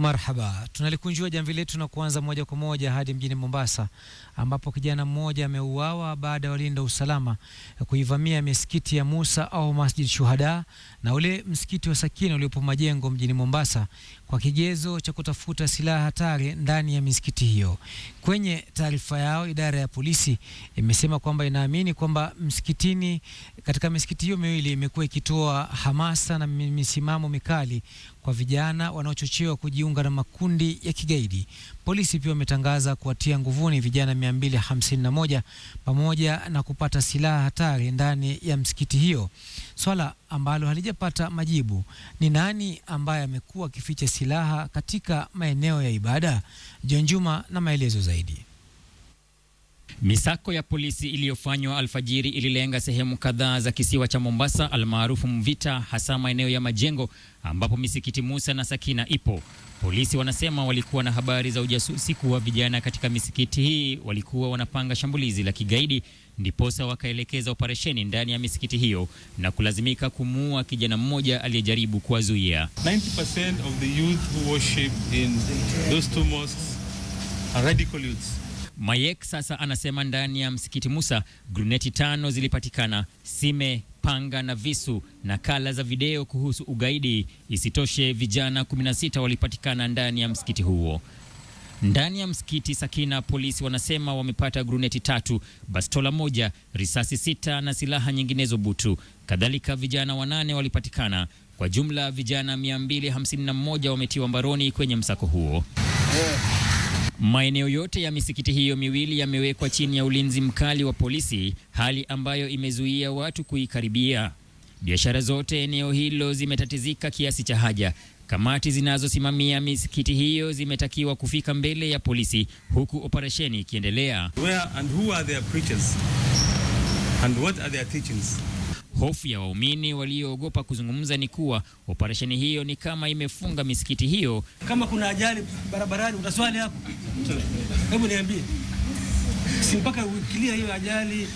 Marhaba, tunalikunjua jamvi letu na kuanza moja kwa moja hadi mjini Mombasa ambapo kijana mmoja ameuawa baada ya walinda usalama kuivamia misikiti ya Musa au Masjid Shuhada na ule msikiti wa Sakina uliopo Majengo mjini Mombasa kwa kigezo cha kutafuta silaha hatari ndani ya misikiti hiyo. Kwenye taarifa yao, idara ya polisi imesema kwamba inaamini kwamba msikitini, katika misikiti hiyo miwili imekuwa ikitoa hamasa na misimamo mikali kwa vijana wanaochochewa kujiunga na makundi ya kigaidi. Polisi pia wametangaza kuwatia nguvuni vijana 251 pamoja na kupata silaha hatari ndani ya msikiti hiyo, swala ambalo halijapata majibu. Ni nani ambaye amekuwa akificha silaha katika maeneo ya ibada? John Juma na maelezo zaidi. Misako ya polisi iliyofanywa alfajiri ililenga sehemu kadhaa za kisiwa cha Mombasa almaarufu Mvita, hasa maeneo ya majengo ambapo misikiti Musa na Sakina ipo. Polisi wanasema walikuwa na habari za ujasusi kuwa vijana katika misikiti hii walikuwa wanapanga shambulizi la kigaidi, ndiposa wakaelekeza operesheni ndani ya misikiti hiyo na kulazimika kumuua kijana mmoja aliyejaribu kuwazuia. 90% of the youth who worship in those two mosques are radical youths. Mayek sasa anasema ndani ya msikiti Musa gruneti tano zilipatikana, sime, panga na visu, nakala za video kuhusu ugaidi. Isitoshe, vijana 16 walipatikana ndani ya msikiti huo. Ndani ya msikiti Sakina, polisi wanasema wamepata gruneti tatu, bastola moja, risasi sita na silaha nyinginezo butu. Kadhalika, vijana wanane walipatikana. Kwa jumla, vijana 251 wametiwa mbaroni kwenye msako huo. Eh, Maeneo yote ya misikiti hiyo miwili yamewekwa chini ya ulinzi mkali wa polisi, hali ambayo imezuia watu kuikaribia. Biashara zote eneo hilo zimetatizika kiasi cha haja. Kamati zinazosimamia misikiti hiyo zimetakiwa kufika mbele ya polisi huku operesheni ikiendelea. Where and who are their preachers? And what are their teachings? Hofu ya waumini walioogopa kuzungumza ni kuwa operesheni hiyo ni kama imefunga misikiti hiyo. Kama kuna ajali barabarani, utaswali hapo? Hebu niambie, si mpaka ukilia hiyo ajali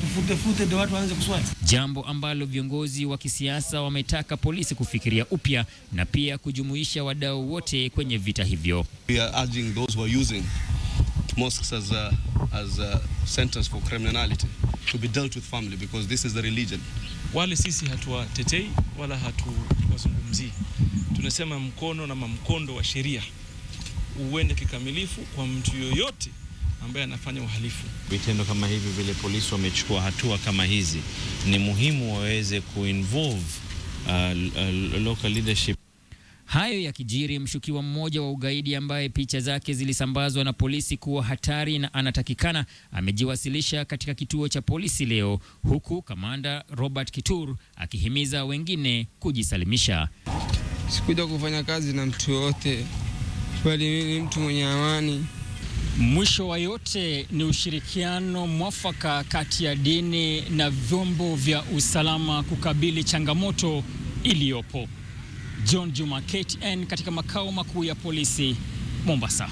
tufute fute ndio watu waanze kuswali, jambo ambalo viongozi wa kisiasa wametaka polisi kufikiria upya na pia kujumuisha wadau wote kwenye vita hivyo. We are urging those who are using mosques as a, as a sentence for criminality to be dealt with firmly because this is the religion. Wale sisi hatuwatetei wala hatuwazungumzii, tunasema mkono na mamkondo wa sheria uende kikamilifu kwa mtu yoyote ambaye anafanya uhalifu. Vitendo kama hivi vile polisi wamechukua hatua kama hizi, ni muhimu waweze kuinvolve uh, uh, local leadership. Hayo yakijiri, mshukiwa mmoja wa ugaidi ambaye picha zake zilisambazwa na polisi kuwa hatari na anatakikana amejiwasilisha katika kituo cha polisi leo, huku kamanda Robert Kitur akihimiza wengine kujisalimisha. Sikuja kufanya kazi na mtu yoyote, bali mimi ni mtu mwenye amani. Mwisho wa yote ni ushirikiano mwafaka kati ya dini na vyombo vya usalama kukabili changamoto iliyopo. John Juma, KTN katika makao makuu ya polisi Mombasa.